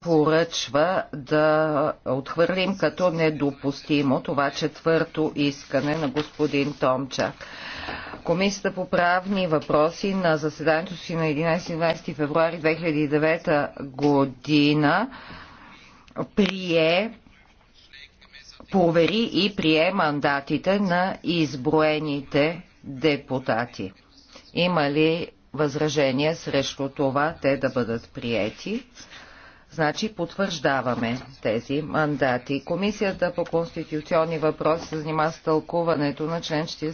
поръчва да отхвърлим като недопустимо това четвърто искане на господин Томчак. Комисията по правни въпроси на заседанието си на 11-12 февруари 2009 година прие провери и прие мандатите на изброените депутати. Има ли възражения срещу това те да бъдат приети? Значи потвърждаваме тези мандати. Комисията по конституционни въпроси се занимава с тълкуването на член